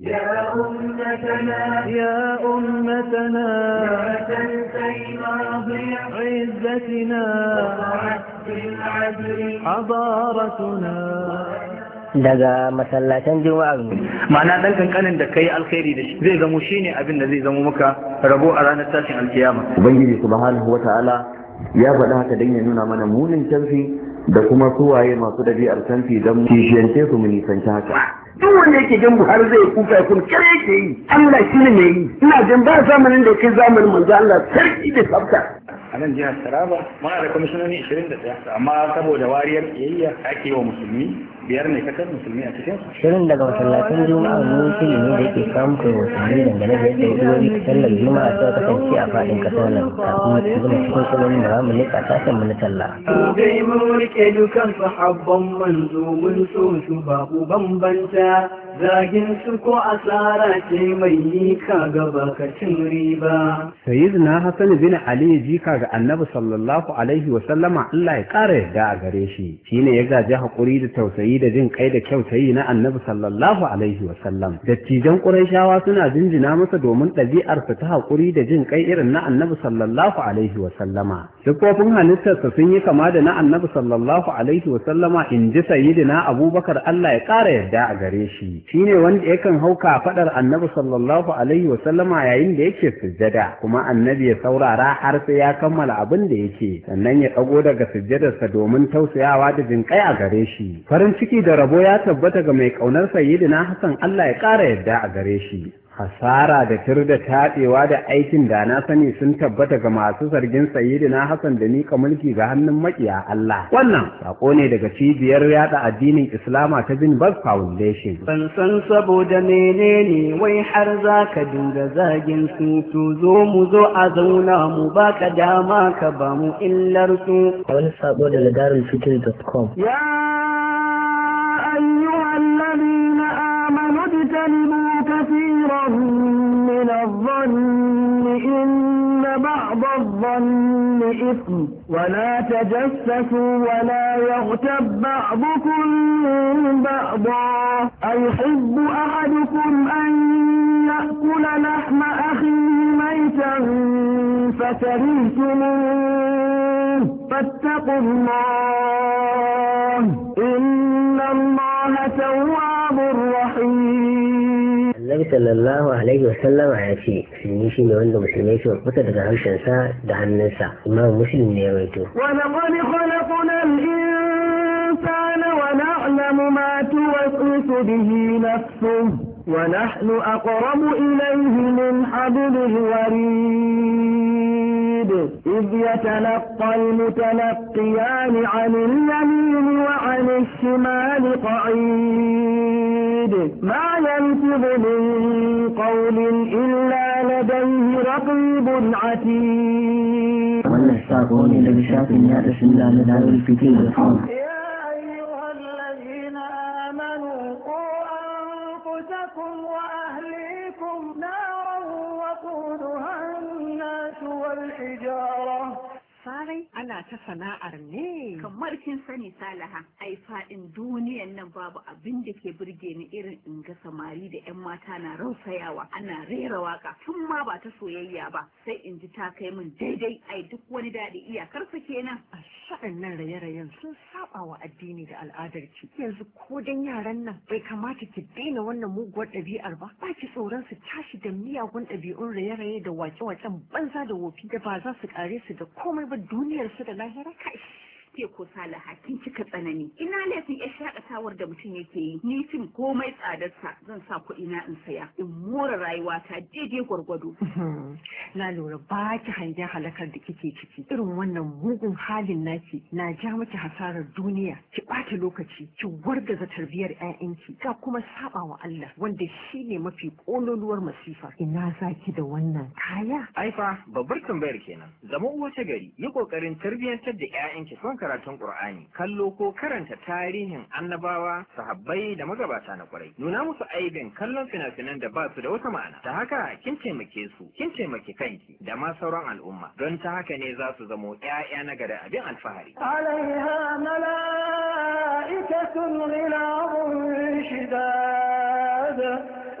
يا أمتنا يا أمتنا أمتنا ماضية عزتنا حضارتنا daga masallatan juma'ar ne. ma'ana dan kankanin da kai alkhairi da shi zai zamo shine abin da zai zamo maka rabo a ranar tashin alkiyama ubangiji subhanahu wata'ala ya faɗa haka dan ya nuna mana munin tarfi da kuma suwaye masu ɗabi'ar canfi don kishiyance su mu nisanci haka duk wanda yake jan buhari zai kuka ya kun kare yake yi allah shi ne mai yi ina jan ba zamanin da ke zamanin manzo allah sarki da tsafta a nan jihar taraba muna da kwamishinoni 21 amma saboda wariyar kiyayya ake wa musulmi biyar ne kakar musulmi a cikin shirin daga masallacin juma'a ne ne da yake samun wasanni dangane da yadda hudurobi ta sallar juma'a suka kasance a faɗin ƙasar nan kafin mu tsibin cikin sunanin da zamu leƙa tashin mu na talla. dai mu rike dukan sahabban manzo mun so su babu bambanta zagin su ko asara ce mai yi ka gaba ka cin riba. sayyidina hassan bin ali jika ga annabi sallallahu alaihi wa sallama Allah ya ƙara yarda a gare shi shine ya gaji haƙuri da tausayi tausayi da jin kai da yi na annabi sallallahu alaihi wasallam dattijan quraishawa suna jinjina masa domin ɗabi'arsa ta haƙuri da jin kai irin na annabi sallallahu alaihi wasallama siffofin halittarsa sun yi kama da na annabi sallallahu alaihi wasallama in ji sayyidina abubakar allah ya ƙara yarda a gare shi shine wanda yakan hauka faɗar annabi sallallahu alaihi wasallama yayin da yake sujjada kuma annabi ya saurara har sai ya kammala abin da yake sannan ya ɗago daga sujjadarsa domin tausayawa da jin kai a gare shi farin ciki ciki da rabo ya tabbata ga mai ƙaunar sayyidina Hassan Allah ya ƙara yadda a gare shi. Hasara da tir da taɗewa da aikin da na sani sun tabbata ga masu zargin sayyidina Hassan da nika mulki ga hannun maƙiya Allah. Wannan sako ne daga cibiyar yada addinin Islama ta Bin Bas Foundation. Ban san saboda menene wai har za ka dinga zagin su to zo mu zo a zauna mu ba ka dama ka ba mu illar su. A wani sako daga fitil.com. Ya الظن إثم ولا تجسسوا ولا يغتب بعضكم من بعضا أيحب أحدكم أن يأكل لحم أخيه ميتا فكرهتموه فاتقوا الله إن الله تواب رحيم النبي صلى الله عليه وسلم عاشي في نيشي من المسلمين وقت دعوا الشنساء دعا النساء ما مسلم نيويتو ولقد خلقنا الإنسان ونعلم ما توسوس به نفسه ونحن أقرب إليه من حبل الوريد إذ يتلقى المتلقيان عن اليمين وعن الشمال قعيد بحمده ما ينفذ من قول إلا لديه رقيب عتيد ولا إلى لبشاك يا اسم الله لدار الفتيل أنفسكم وأهليكم نارا وقودها الناس والحجارة larai ana ta sana'ar ne kamar kin sani salaha ai fadin duniyan nan babu abin da ke burge ni irin in ga samari da yan mata na rausayawa ana rera waka tun ma ba ta soyayya ba sai in ji ta kai min daidai ai duk wani daɗi su kenan a sha'an nan raye-rayen sun saba wa addini da al'adar ki yanzu ko dan yaran nan bai kamata ki daina wannan muguwar ɗabi'ar ba ba ki tsoron su tashi da miyagun ɗabi'un raye-raye da wace-wacen banza da wofi da ba za su kare su da komai ba 我女儿说得蛮开始。ke ko salaha kin kika tsanani ina laifin ya shakatawar da mutum yake yi ni fim komai tsadarsa zan sa kuɗi na in saya in more ta daidai gwargwado na lura ba ki hangen halakar da kike ciki irin wannan mugun halin naki na ja miki hasarar duniya ki ɓata lokaci ki wargaza tarbiyyar ƴaƴanki ka kuma saba wa Allah wanda shi ne mafi ƙololuwar masifa. ina zaki da wannan kaya Aifa, babbar tambayar kenan zama uwa ta gari yi ƙoƙarin tarbiyyantar da ƴaƴanki son ka karatun Qur'ani, kallo ko karanta tarihin annabawa, sahabbai da magabata na kwarai. Nuna musu aibin kallon fina-finan da ba su da wata ma'ana. Ta haka kin taimake su, kin taimake kanki da ma sauran al'umma. Don ta haka ne za su zamo ƴaƴa na gari abin alfahari. Alaiha mala'ikatun shidad